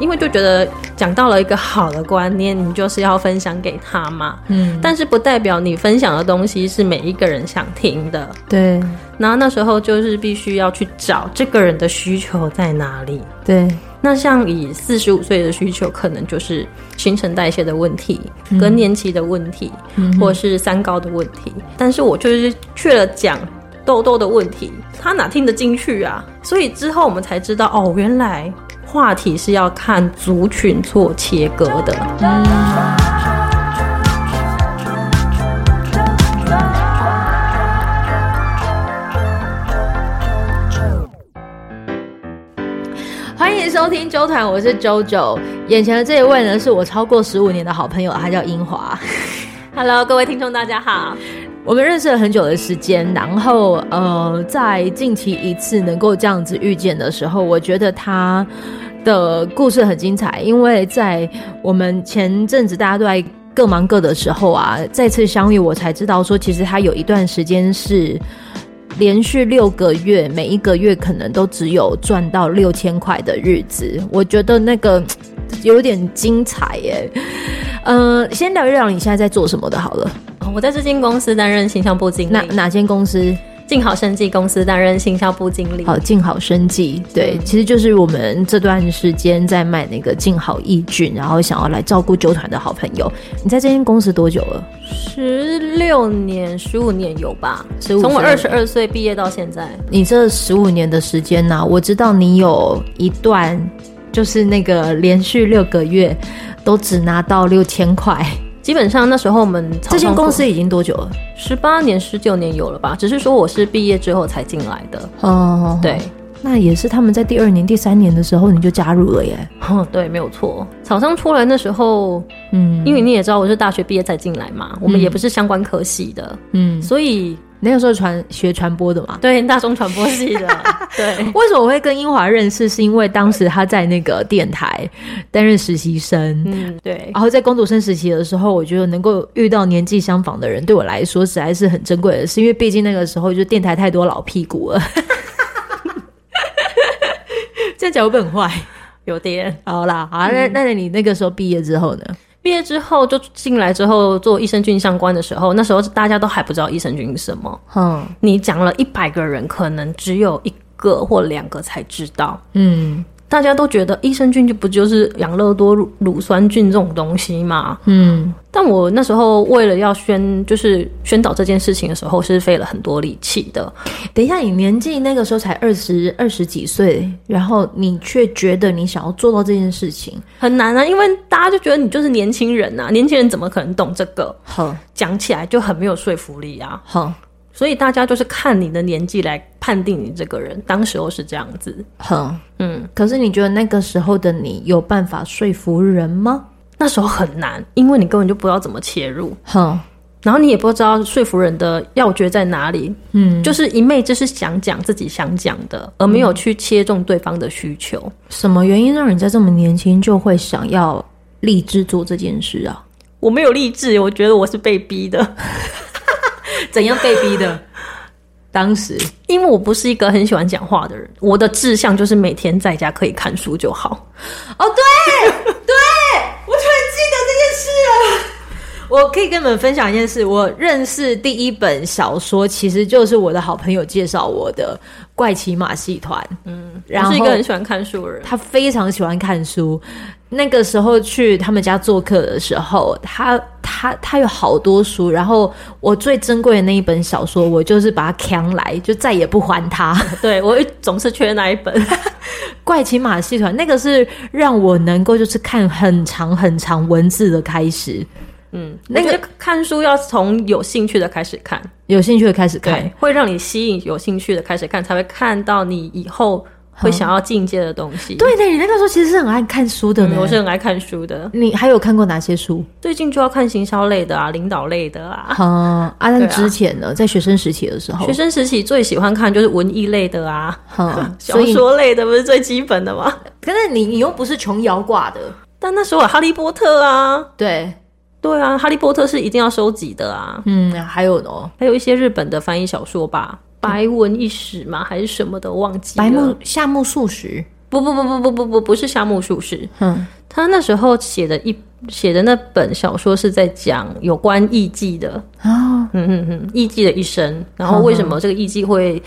因為就覺得講到了一個好的觀念，你就是要分享給他嘛。嗯。但是不代表你分享的東西是每一個人想聽的。對。然後那時候就是必須要去找這個人的需求在哪裡。對。那像以四十五歲的需求，可能就是新陳代謝的問題、嗯、更年期的問題，嗯、或者是三高的問題。但是我就是去了講痘痘的問題，他哪聽得進去啊？所以之後我們才知道，哦，原來。話題是要看族群做切割的。嗯嗯、歡迎收聽周團，我是周 o。眼前的這一位呢，是我超過十五年的好朋友，他叫英華。 Hello，各位聽眾大家好，我們認識了很久的時間，然後呃，在近期一次能夠這樣子遇見的時候，我覺得他的故事很精彩，因為在我們前陣子大家都在各忙各的時候啊，再次相遇，我才知道說其實他有一段時間是連續六個月，每一個月可能都只有賺到六千塊的日子。我覺得那個有點精彩耶。嗯、呃，先聊一聊你現在在做什麼的好了。我在這間公司擔任行銷部經理。哪哪間公司？淨好生技公司擔任行銷部經理。好，淨好生技對，其實就是我們這段時間在賣那個淨好益菌，然後想要來照顧啾團的好朋友。你在這間公司多久了？十六年，十五年有吧？十五。從我二十二歲畢業到現在。你這十五年的時間呢、啊？我知道你有一段，就是那個連續六個月都只拿到六千塊。基本上那時候我們年年這間公司已經多久了？十八 年，十九年有了吧？只是說我是畢業之後才進來的。哦， 對。 那也是他們在第二年、第三年的時候，你就加入了耶。哦、對，沒有錯。廠商出來那時候，嗯，因為你也知道我是大學畢業才進來嘛、嗯，我們也不是相關科系的，嗯，所以那個時候傳學傳播的嘛，對，大眾傳播系的。 對，為什麼我會跟殷驊認識，是因為當時他在那個電台擔任實習生，嗯，對。然後在工讀生實習的時候，我覺得能夠遇到年紀相仿的人，對我來說實在是很珍貴的，是因為畢竟那個時候就電台太多老屁股了。 那腳本很壞，有點。好啦，啊，那、嗯、那你那個時候畢業之後呢？畢業之後就進來之後做益生菌相關的時候，那時候大家都還不知道益生菌什麼。嗯，你講了一百個人，可能只有一個或兩個才知道。嗯。大家都覺得益生菌就不就是養樂多乳酸菌這種東西嘛？嗯，但我那時候為了要宣，就是宣導這件事情的時候，是費了很多力氣的。等一下，你年紀那個時候才二十二十幾歲，嗯，然後你卻覺得你想要做到這件事情很難啊，因為大家就覺得你就是年輕人啊，年輕人怎麼可能懂這個？呵，講起來就很沒有說服力啊。呵。所以大家就是看你的年紀來判定你這個人，當時候是這樣子。哼，嗯，可是你覺得那個時候的你有辦法說服人嗎？那時候很難，因為你根本就不知道怎麼切入。哼，然後你也不知道說服人的要訣在哪裡。嗯，就是一昧就是想講自己想講的，而沒有去切中對方的需求。嗯、什麼原因讓你在這麼年輕就會想要立志做這件事啊？我沒有立志，我覺得我是被逼的。 怎樣被逼的？ 當時因為我不是一個很喜歡講話的人，我的志向就是每天在家可以看書就好。哦，對對， 我突然記得這件事了。 我可以跟你們分享一件事，我認識第一本小說其實就是我的好朋友介紹我的《怪奇馬戲團》。嗯，然後是一個很喜歡看書的人，他非常喜歡看書。那個時候去他們家做客的時候，他。他他有好多書，然後我最珍貴的那一本小說，我就是把它搶來，就再也不還他。對，我總是缺那一本《 怪奇馬戲團》，那個是讓我能夠就是看很長很長文字的開始。嗯，那個看書要從有興趣的開始看，有興趣的開始看，會讓你吸引有興趣的開始看，才會看到你以後。會想要境界的東西、嗯，對的。你那個時候其實是很愛看書的，呢、嗯？我是很愛看書的。你還有看過哪些書？最近就要看行銷類的啊，領導類的啊。嗯，那、啊、之前的、啊，在學生時期的時候，學生時期最喜歡看就是文藝類的啊，嗯、 小說類的不是最基本的嗎？可是 你你又不是瓊瑤掛的，但那時候有哈利波特啊，對對啊，哈利波特是一定要收集的啊。嗯，還有呢，還有一些日本的翻譯小說吧。白文一史嗎？還是什麼的，忘記了。白木、夏目漱石，不不不不不不不，不是夏目漱石。嗯，他那時候寫的一寫的那本小說是在講有關藝妓的啊、哦，嗯嗯嗯，藝妓的一生。然後為什麼這個藝妓會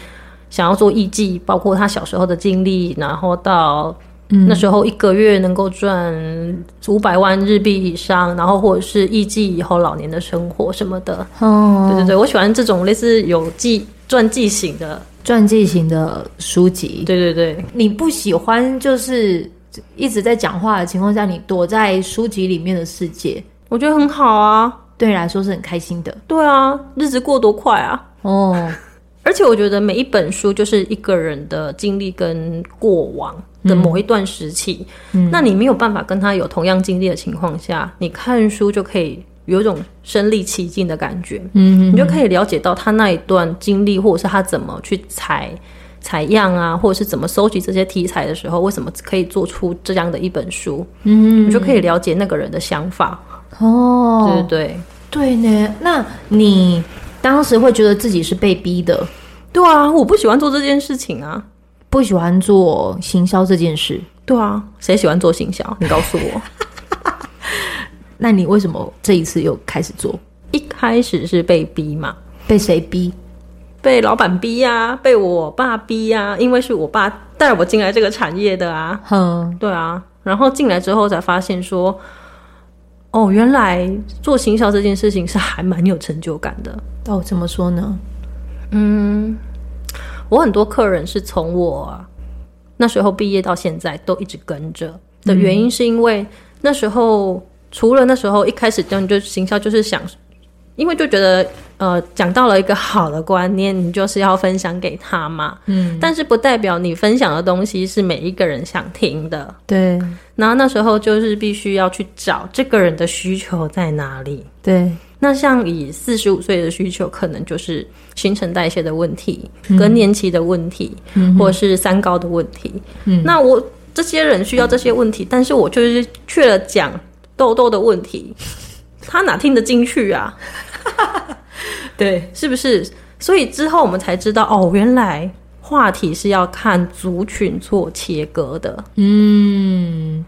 想要做藝妓、嗯？包括他小時候的經歷，然後到。嗯、那時候一個月能夠賺五百萬日幣以上，然後或者是藝妓以後老年的生活什麼的。哦，對對對，我喜歡這種類似有記傳記型的傳記型的書籍。對對對，你不喜歡就是一直在講話的情況下，你躲在書籍裡面的世界，我覺得很好啊，對你來說是很開心的。對啊，日子過多快啊，哦。而且我覺得每一本書就是一個人的經歷跟過往的某一段時期，嗯嗯。那你沒有辦法跟他有同樣經歷的情況下，你看書就可以有一種身歷其境的感覺。嗯哼哼，你就可以了解到他那一段經歷，或者是他怎麼去採採樣啊，或者是怎麼蒐集這些題材的時候，為什麼可以做出這樣的一本書。嗯，你就可以了解那個人的想法。哦，對對對呢，那你，嗯。當時會覺得自己是被逼的，對啊，我不喜歡做這件事情啊，不喜歡做行銷這件事，對啊，誰喜歡做行銷？你告訴我， 那你為什麼這一次又開始做？一開始是被逼嘛？被誰逼？被老闆逼呀？被我爸逼呀？因為是我爸帶我進來這個產業的啊，嗯，對啊，然後進來之後才發現說。哦，原來做行銷這件事情是還蠻有成就感的。我、哦、怎麼說呢？嗯，我很多客人是從我、啊、那時候畢業到現在都一直跟着的原因，是因為、嗯、那時候除了那時候一開始這樣就行銷，就是想，因為就覺得。呃，講到了一個好的觀念，你就是要分享給他嘛。嗯，但是不代表你分享的東西是每一個人想聽的。對。然後那時候就是必須要去找這個人的需求在哪裡。對。那像以四十五歲的需求，可能就是新陳代謝的問題、嗯、更年期的問題，嗯、或者是三高的問題。嗯。那我這些人需要這些問題，嗯、但是我就是卻了講痘痘的問題， 他哪聽得進去啊？ 對，是不是？所以之後我們才知道，哦，原來話題是要看族群做切割的。嗯，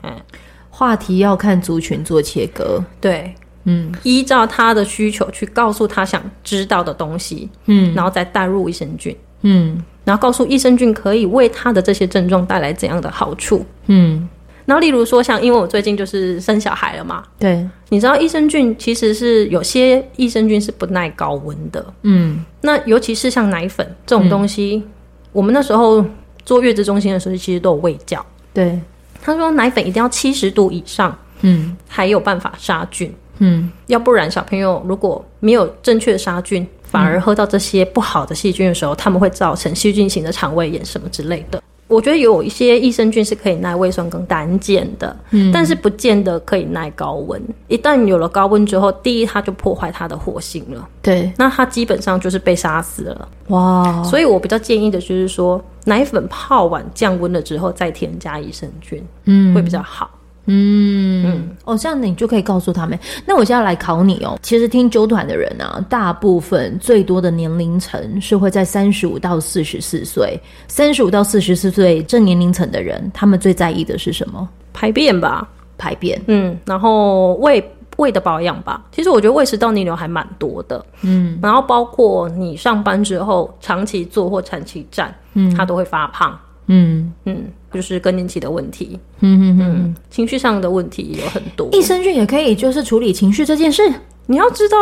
話題要看族群做切割，對，嗯，依照他的需求去告訴他想知道的東西，嗯，然後再帶入益生菌，嗯，然後告訴益生菌可以為他的這些症狀帶來怎樣的好處，嗯。然後，例如說，像因為我最近就是生小孩了嘛，對，你知道益生菌其實是有些益生菌是不耐高溫的，嗯，那尤其是像奶粉這種東西，嗯，我們那時候坐月子中心的時候，其實都有衛教，對，他說奶粉一定要七十度以上，嗯，才有辦法殺菌，嗯，要不然小朋友如果沒有正確殺菌，反而喝到這些不好的細菌的時候，他、嗯、們會造成細菌型的腸胃炎什麼之類的。我覺得有一些益生菌是可以耐胃酸跟膽鹼的，嗯，但是不見得可以耐高溫。一旦有了高溫之後，第一它就破壞它的活性了，對，那它基本上就是被殺死了。哇、wow，所以我比較建議的就是說，奶粉泡完降溫了之後再添加益生菌，嗯，會比較好。嗯,嗯，哦，這樣子你就可以告訴他們。那我現在來考你哦。其實聽啾團的人呢、啊，大部分最多的年齡層是會在三十五到四十四歲。三十五到四十四歲這年齡層的人，他們最在意的是什麼？排便吧，排便。嗯，然後胃胃的保養吧。其實我覺得胃食道逆流還蠻多的。嗯，然後包括你上班之後長期坐或長期站，嗯，他都會發胖。嗯嗯，就是更年期的問題，嗯 嗯嗯，情緒上的問題有很多。益生菌也可以，就是處理情緒這件事。你要知道，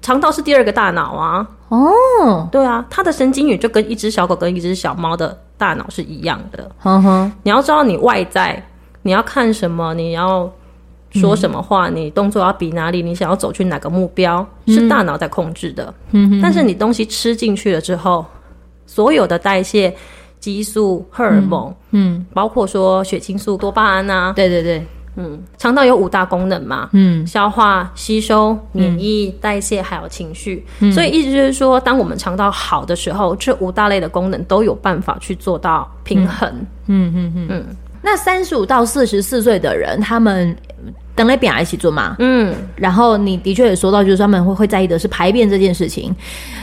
腸道是第二個大腦啊。哦、oh.，對啊，它的神經元就跟一隻小狗跟一隻小貓的大腦是一樣的。哼、oh.，你要知道，你外在你要看什麼，你要說什麼話， 你動作要比哪裡，你想要走去哪個目標， 是大腦在控制的。嗯 但是你東西吃進去了之後，所有的代謝。激素、荷爾蒙，嗯，嗯，包括說血清素、多巴胺啊，對對對，嗯，腸道有五大功能嘛，嗯，消化、吸收、免疫、嗯，代謝，還有情緒，嗯，所以意思就是說，當我們腸道好的時候，這五大類的功能都有辦法去做到平衡。嗯嗯嗯，那三十五到四十四歲的人，他們。等那邊一起做嘛。嗯，然後你的確也說到，就是他們會會在意的是排便這件事情，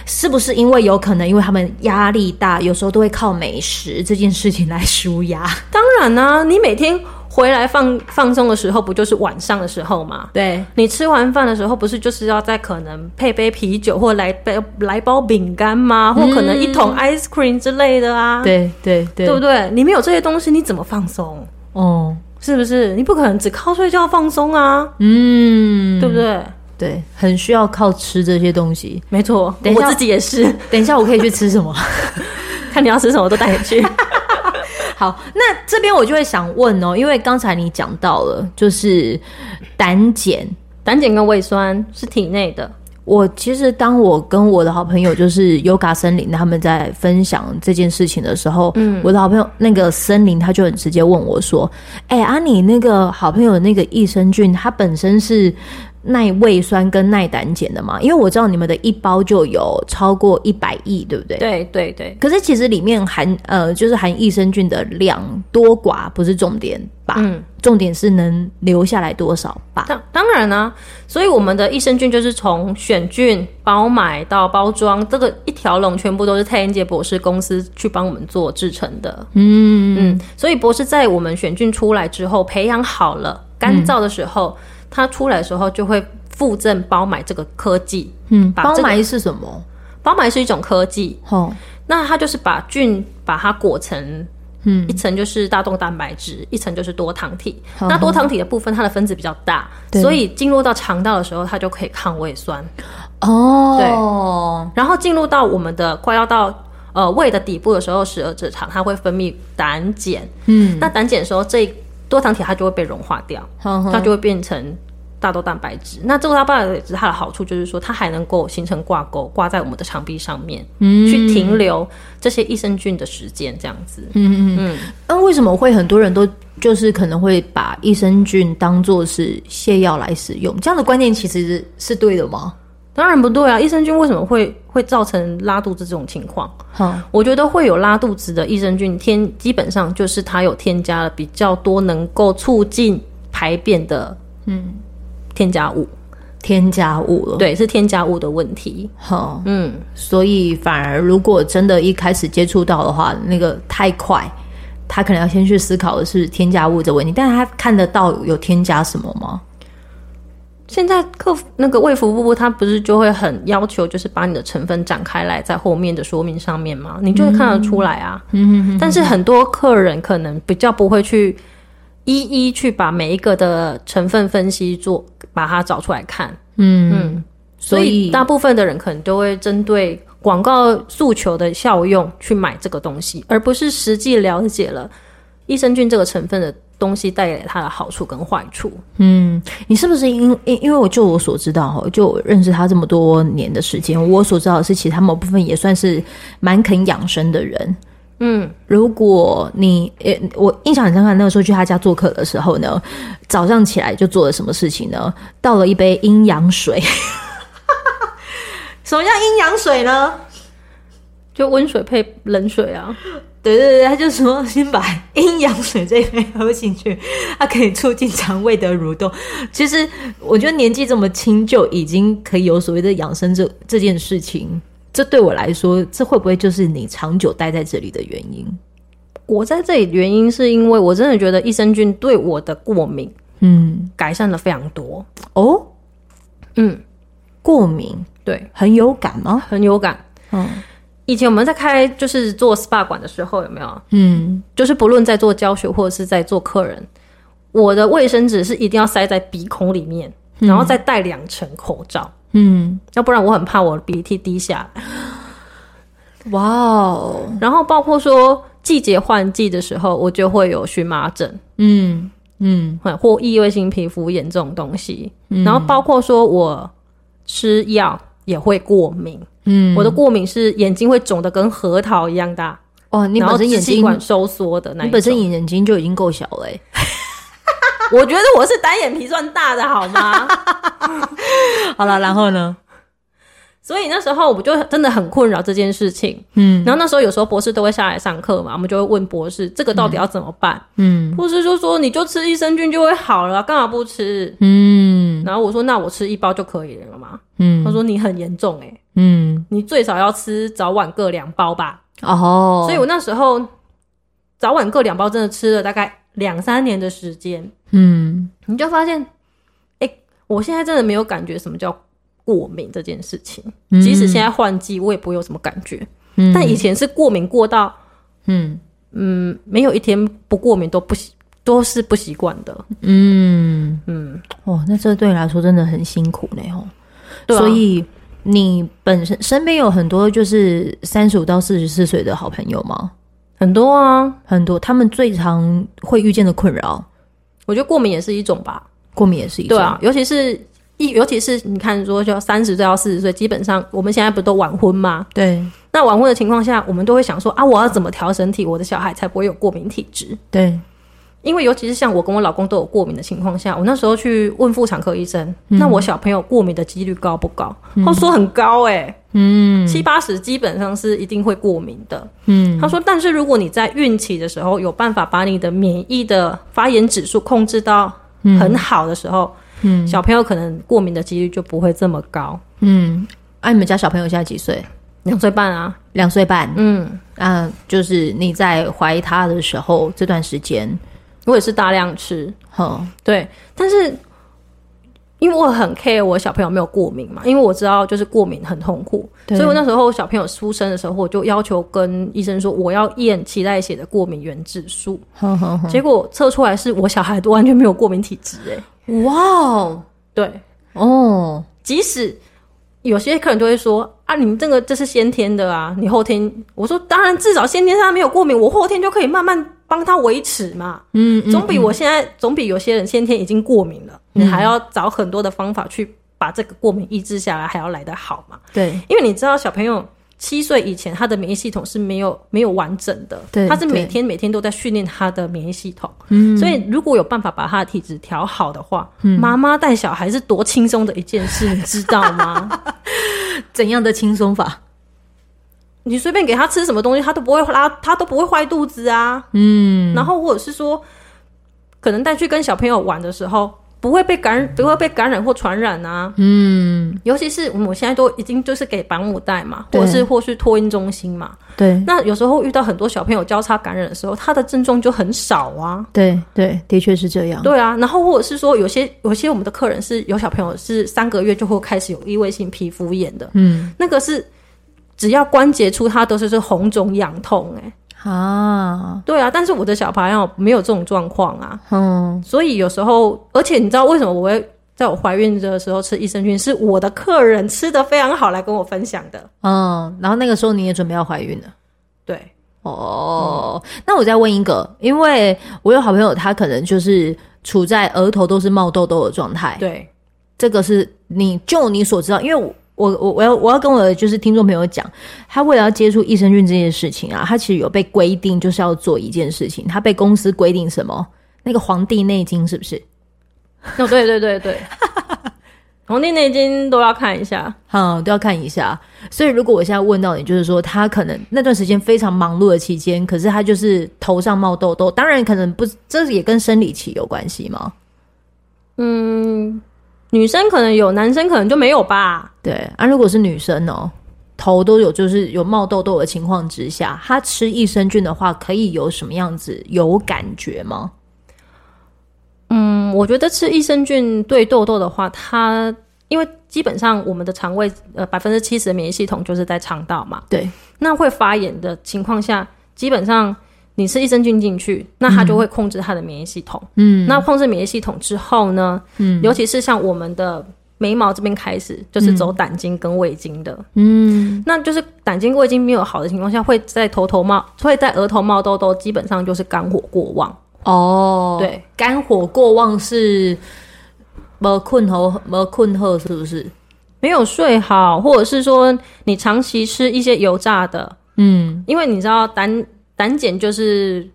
是不是因為有可能因為他們壓力大，有時候都會靠美食這件事情來舒壓？當然呢、啊，你每天回來放放鬆的時候，不就是晚上的時候嘛？對你吃完飯的時候，不是就是要再可能配杯啤酒，或來杯來包餅乾嗎、嗯？或可能一桶 ice cream 之類的啊？對對對，對不對？你沒有這些東西，你怎麼放鬆？哦、嗯。是不是？你不可能只靠睡覺放鬆啊？嗯，對不對？對，很需要靠吃這些東西。沒錯，等一下，我自己也是。等一下，我可以去吃什麼？ 看你要吃什麼都帶你去。 好，那這邊我就會想問哦，因為剛才你講到了，就是膽鹼、膽鹼跟胃酸是體內的。我其實，當我跟我的好朋友，就是 Yoga 森林，他們在分享這件事情的時候，嗯，我的好朋友那個森林，他就很直接問我說：“哎、欸，阿妮，那個好朋友那個益生菌，它本身是。”耐胃酸跟耐膽鹼的嘛，因為我知道你們的一包就有超過一百億，對不對？對對對。可是其實裡面含呃，就是含益生菌的量多寡不是重點吧？嗯，重點是能留下來多少吧。當當然啦、啊，所以我們的益生菌就是從選菌、包買到包裝，這個一條龍全部都是蔡英傑博士公司去幫我們做製成的。嗯嗯，所以博士在我們選菌出來之後，培養好了、乾燥的時候。嗯嗯它出來的時候就會附贈包埋這個科技，嗯，把這個、包埋是什麼？包埋是一種科技。哦，那它就是把菌把它裹成，嗯，一層就是大豆蛋白質，一層就是多糖體。嗯。那多糖體的部分，它的分子比較大，嗯、所以進入到腸道的時候，它就可以抗胃酸。哦，對。然後進入到我們的快要到呃胃的底部的時候，十二指腸它會分泌膽鹼，嗯，那膽鹼的時候，這。多糖體它就會被融化掉，呵呵，它就會變成大豆蛋白質。那這個大豆蛋白質它的好處就是說，它還能夠形成掛鈎，掛在我們的腸壁上面，嗯，去停留這些益生菌的時間，這樣子。嗯嗯嗯。那，嗯嗯嗯，為什麼會很多人都就是可能會把益生菌當做是瀉藥來使用？這樣的觀念其實是是對的嗎？當然不對啊！益生菌為什麼會會造成拉肚子這種情況？哈、嗯，我覺得會有拉肚子的益生菌，添基本上就是它有添加了比較多能夠促進排便的，嗯，添加物，添加物了。對，是添加物的問題。哈、嗯，嗯，所以反而如果真的一開始接觸到的話，那個太快，他可能要先去思考的是添加物的問題。但是他看得到有添加什麼嗎？現在客服那個衛福部，他不是就會很要求，就是把你的成分展開來，在後面的說明上面嗎？你就會看得出來啊。嗯，但是很多客人可能比較不會去一一去把每一個的成分分析做，把它找出來看。嗯嗯，所以大部分的人可能都會針對廣告訴求的效用去買這個東西，而不是實際了解了益生菌這個成分的東西帶給他的好處跟壞處，嗯，你是不是因因因為我就我所知道就我認識他這麼多年的時間，我所知道的是，其實他某部分也算是蠻肯養生的人，嗯，如果你、欸、我印象很深刻，那個時候去他家做客的時候呢，早上起來就做了什麼事情呢？倒了一杯陰陽水， 什麼叫陰陽水呢？就溫水配冷水啊。對對對，他就說先把陰陽水這一杯喝進去，它可以促進腸胃的蠕動。其實我覺得年紀這麼輕就已經可以有所謂的養生這這件事情，這對我來說，這會不會就是你長久待在這裡的原因？我在這裡原因是因為我真的覺得益生菌對我的過敏，嗯，改善了非常多哦。嗯，過敏，對。很有感嗎？很有感，嗯。以前我們在開，就是做 SPA 館的時候，有沒有？嗯，就是不論在做教學或者是在做客人，我的衛生紙是一定要塞在鼻孔裡面，然後再戴兩層口罩。嗯，要不然我很怕我鼻涕滴下。哇哦！然後包括說季節換季的時候，我就會有蕁麻疹。嗯嗯，或異位性皮膚炎這種東西。然後包括說我吃藥也會過敏。嗯，我的過敏是眼睛會腫得跟核桃一樣大。哇、哦，你本身眼睛管收縮的那，你本身眼睛就已經夠小了，欸。 我覺得我是單眼皮算大的，好嗎？ 好了，然後呢？所以那時候我就真的很困擾這件事情。嗯，然後那時候有時候博士都會下來上課嘛，我們就會問博士這個到底要怎麼辦？嗯，嗯，博士就說你就吃益生菌就會好了，幹嘛不吃？嗯，然後我說那我吃一包就可以了嘛。嗯，他說你很嚴重，欸，哎。嗯，你最少要吃早晚各兩包吧。哦，所以我那時候早晚各兩包，真的吃了大概兩三年的時間。嗯，你就發現，哎、欸，我現在真的沒有感覺什麼叫過敏這件事情。嗯，即使現在換季，我也不會有什麼感覺。嗯，但以前是過敏過到，嗯嗯，沒有一天不過敏都不都是不習慣的。嗯嗯，哦，那這對你來說真的很辛苦呢。哦。對啊，所以。你本身身邊有很多就是三十五到四十四歲的好朋友嗎？很多啊，很多。他們最常會遇見的困擾，我覺得過敏也是一種吧。過敏也是一種，對啊，尤其是，尤其是你看，說就三十歲到四十歲，基本上我們現在不都晚婚嗎？對。那晚婚的情況下，我們都會想說啊，我要怎麼調身體，我的小孩才不會有過敏體質。對。因為尤其是像我跟我老公都有過敏的情況下，我那時候去問婦產科醫生、嗯，那我小朋友過敏的幾率高不高？嗯、他說很高誒、欸、嗯，七八十基本上是一定會過敏的，嗯。他說，但是如果你在孕期的時候有辦法把你的免疫的發炎指數控制到很好的時候，嗯，嗯小朋友可能過敏的幾率就不會這麼高，嗯。哎、啊，你們家小朋友現在幾歲？兩歲半啊，兩歲半，嗯，啊、呃，就是你在懷他的時候這段時間。我也是大量吃，哈、嗯，對，但是因為我很 care 我小朋友有沒有過敏嘛，因為我知道就是過敏很痛苦，所以我那時候小朋友出生的時候，我就要求跟醫生說我要驗臍帶血的過敏原指數、嗯，結果測出來是我小孩都完全沒有過敏體質、欸，哇、wow、哦，對，哦、oh.，即使有些客人就會說。啊，你們這個這是先天的啊，你後天，我說當然，至少先天他沒有過敏，我後天就可以慢慢幫他維持嘛，嗯、嗯，嗯，總比我現在總比有些人先天已經過敏了，你、嗯、還要找很多的方法去把這個過敏抑制下來，還要來得好嘛？對，因為你知道小朋友，七歲以前，他的免疫系統是沒有沒有完整的，對，他是每天每天都在訓練他的免疫系統，嗯，所以如果有辦法把他的體質調好的話，嗯，媽媽帶小孩是多輕鬆的一件事，嗯，你知道嗎？ 怎樣的輕鬆法？你隨便給他吃什麼東西，他都不會拉，他都不會壞肚子啊，嗯，然後或者是說，可能帶去跟小朋友玩的時候。不會被感染，不會被感染或傳染啊！嗯，尤其是我們我現在都已經就是給保姆帶嘛，或是或是托嬰中心嘛。對，那有時候遇到很多小朋友交叉感染的時候，他的症狀就很少啊。對對，的確是這樣。對啊，然後或者是說有些有些我們的客人是有小朋友是三個月就會開始有異位性皮膚炎的。嗯，那個是只要關節處它都是是紅腫癢痛哎、欸。啊，對啊，但是我的小朋友沒有這種狀況啊，嗯，所以有時候，而且你知道為什麼我會在我懷孕的時候吃益生菌？是我的客人吃得非常好，來跟我分享的。嗯，然後那個時候你也準備要懷孕了，對，哦、oh, 嗯，那我再問一個，因為我有好朋友，他可能就是處在額頭都是冒痘痘的狀態，對，這個是你就你所知道，因為我。我我我要我要跟我的就是聽眾朋友講，他為了要接觸益生菌這件事情啊，他其實有被規定，就是要做一件事情。他被公司規定什麼？那個《黃帝內經》是不是？哦，對對對對， 《黃帝內經》都要看一下，嗯，都要看一下。所以如果我現在問到你，就是說他可能那段時間非常忙碌的期間，可是他就是頭上冒痘痘，當然可能不，這也跟生理期有關係嗎？嗯。女生可能有，男生可能就沒有吧。對啊，如果是女生哦，頭都有，就是有冒痘痘的情況之下，她吃益生菌的話，可以有什麼樣子有感覺嗎？嗯，我覺得吃益生菌對痘痘的話，它因為基本上我們的腸胃，呃，百分之七十的免疫系統就是在腸道嘛。對，那會發炎的情況下，基本上。你吃益生菌進去，那它就會控制它的免疫系統。嗯，那控制免疫系統之後呢？嗯，尤其是像我們的眉毛這邊開始、嗯，就是走膽經跟胃經的。嗯，那就是膽經胃經沒有好的情況下，會在頭頭冒，會在額頭冒痘痘，基本上就是肝火過旺。哦，對，肝火過旺是沒困頭？什麼困候？是不是沒有睡好，或者是說你長期吃一些油炸的？嗯，因為你知道膽。膽鹼就是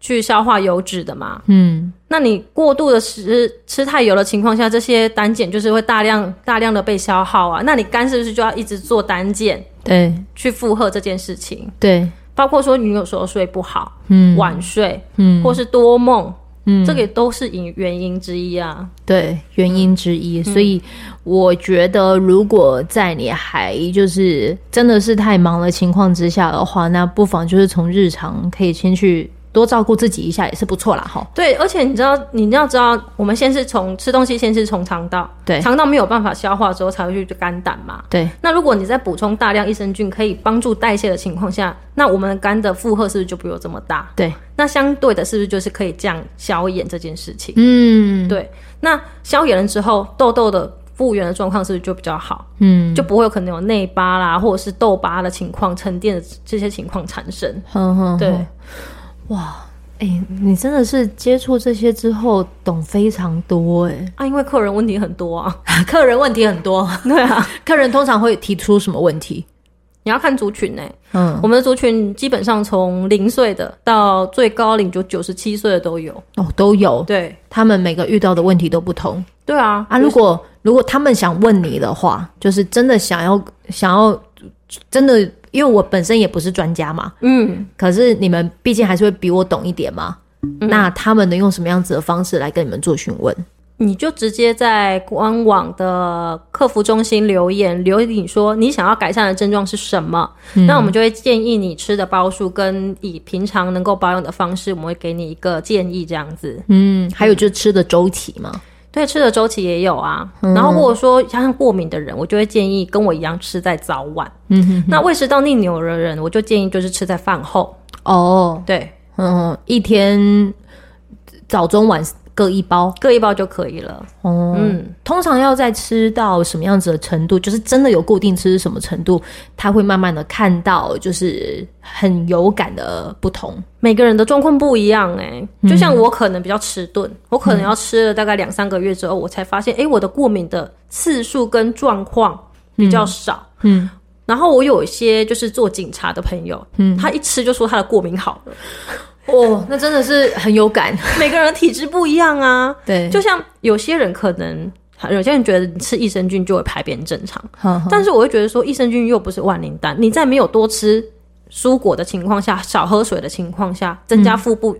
去消化油脂的嘛，嗯，那你過度的吃，吃太油的情況下，這些膽鹼就是會大量大量的被消耗啊，那你肝是不是就要一直做膽鹼，對，去負荷這件事情，對，包括說你有時候睡不好，嗯，晚睡，嗯，嗯或是多夢。嗯，這個都是因原因之一啊，對，原因之一。嗯，所以我覺得，如果在你還就是真的是太忙的情況之下的話，那不妨就是從日常可以先去。多照顧自己一下也是不錯啦，哈。對，而且你知道，你要知道，我們先是從吃東西，先是從腸道，對，腸道沒有辦法消化之後才會去肝膽嘛。對，那如果你在補充大量益生菌，可以幫助代謝的情況下，那我們肝的負荷是不是就不會有這麼大？對，那相對的是不是就是可以降消炎這件事情？嗯，對。那消炎了之後，痘痘的復原的狀況是不是就比較好？嗯，就不會有可能有內疤啦，或者是痘疤的情況沉澱的這些情況產生。嗯嗯，對。哇，欸，你真的是接觸這些之後懂非常多欸。啊，因為客人問題很多啊， 客人問題很多。對啊， 客人通常會提出什麼問題？你要看族群欸。嗯，我們的族群基本上從零歲的到最高齡就九十七歲的都有哦，都有。對，他們每個遇到的問題都不同。對啊啊！如果如果他們想問你的話，就是真的想要想要。真的，因為我本身也不是專家嘛，嗯，可是你們畢竟還是會比我懂一點嘛，嗯，那他們能用什麼樣子的方式來跟你們做詢問？你就直接在官網的客服中心留言，留言你說你想要改善的症狀是什麼，嗯，那我們就會建議你吃的包數跟以平常能夠保養的方式，我們會給你一個建議這樣子，嗯，還有就是吃的週期嘛。可以吃的週期也有啊、嗯，然後如果說像過敏的人，我就會建議跟我一樣吃在早晚。嗯哼哼，那胃食道逆流的人，我就建議就是吃在飯後。哦，對，嗯，一天早中晚。各一包，各一包就可以了。哦、嗯，通常要在吃到什麼樣子的程度，就是真的有固定吃什麼程度，他會慢慢的看到，就是很有感的不同？每個人的狀況不一樣、欸，哎、嗯，就像我可能比較遲鈍，我可能要吃了大概兩三個月之後，嗯、我才發現，哎、欸，我的過敏的次數跟狀況比較少嗯。嗯，然後我有一些就是做警察的朋友，嗯，他一吃就說他的過敏好了。哦，那真的是很有感。 每個人體質不一樣啊，對，就像有些人可能，有些人覺得你吃益生菌就會排便正常，呵呵，但是我會覺得說，益生菌又不是萬靈丹。你在沒有多吃蔬果的情況下，少喝水的情況下，增加腹部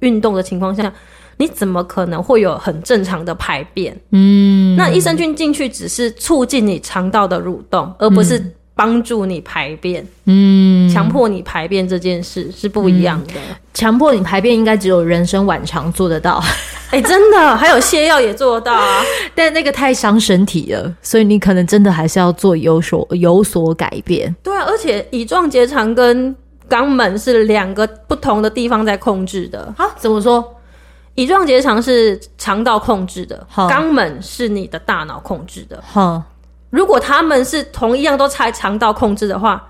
運動的情況下、嗯，你怎麼可能會有很正常的排便？嗯，那益生菌進去只是促進你腸道的蠕動，而不是、嗯。幫助你排便，嗯，強迫你排便這件事是不一樣的。嗯，強迫你排便應該只有人生浣腸做得到，哎、 欸，真的， 還有瀉藥也做得到啊。但那個太傷身體了，所以你可能真的還是要做有所有所改變。對啊，而且乙狀結腸跟肛門是兩個不同的地方在控制的。哈，怎麼說？乙狀結腸是腸道控制的，肛門是你的大腦控制的，哈。如果他們是同一樣都拆腸道控制的話，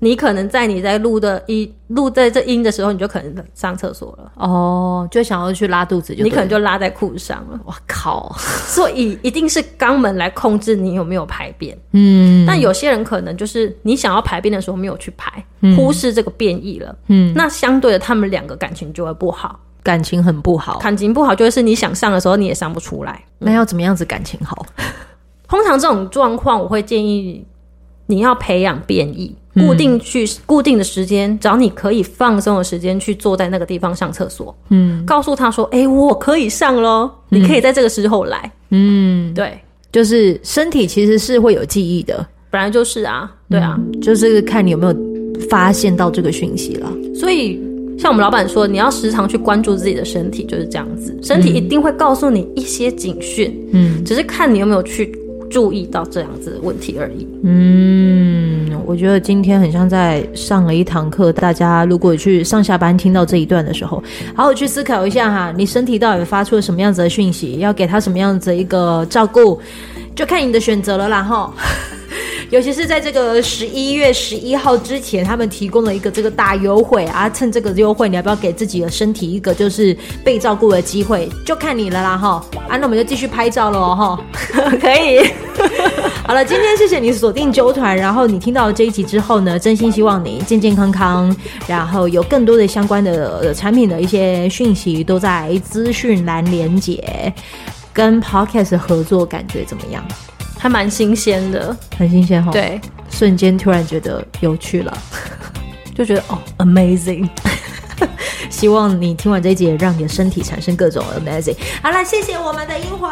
你可能在你在錄的一錄在這音的時候，你就可能上廁所了哦，oh, 就想要去拉肚子就，你可能就拉在褲子上了。我靠！ 所以一定是肛門來控制你有沒有排便。嗯，但有些人可能就是你想要排便的時候沒有去排，嗯、忽視這個便意了。嗯，那相對的他們兩個感情就會不好，感情很不好，感情不好就是你想上的時候你也上不出來，嗯、那要怎麼樣子感情好？通常這種狀況，我會建議你要培養便意，嗯，固定去固定的時間，找你可以放鬆的時間去坐在那個地方上廁所。嗯，告訴他說：“哎，欸，我可以上嘍，嗯，你可以在這個時候來。”嗯，對，就是身體其實是會有記憶的，本來就是啊，對啊，嗯，就是看你有沒有發現到這個訊息了。所以像我們老闆說，你要時常去關注自己的身體，就是這樣子，身體一定會告訴你一些警訊。嗯，只是看你有沒有去。注意到這樣子的問題而已。嗯，我覺得今天很像在上了一堂課。大家如果去上下班聽到這一段的時候，好好去思考一下哈，你身體到底發出了什麼樣子的訊息，要給他什麼樣子的一個照顧，就看你的選擇了啦吼。尤其是在這個十一月十一號之前，他們提供了一個這個大優惠啊！趁這個優惠，你要不要給自己的身體一個就是被照顧的機會？就看你了啦，哈！啊，那我們就繼續拍照嘍，哈！ 可以， 好了，今天謝謝你鎖定啾團，然後你聽到這一集之後呢，真心希望你健健康康，然後有更多的相關的產品的一些訊息都在資訊欄連結，跟 Podcast 合作感覺怎麼樣？還蠻新鮮的，很新鮮哈、哦。對，瞬間突然覺得有趣了，就覺得哦，amazing。 希望你聽完這一節，讓你的身體產生各種 amazing。好了，謝謝我們的殷驊，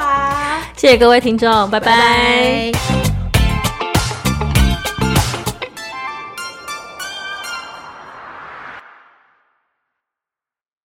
謝謝各位聽眾，拜拜。拜拜拜拜。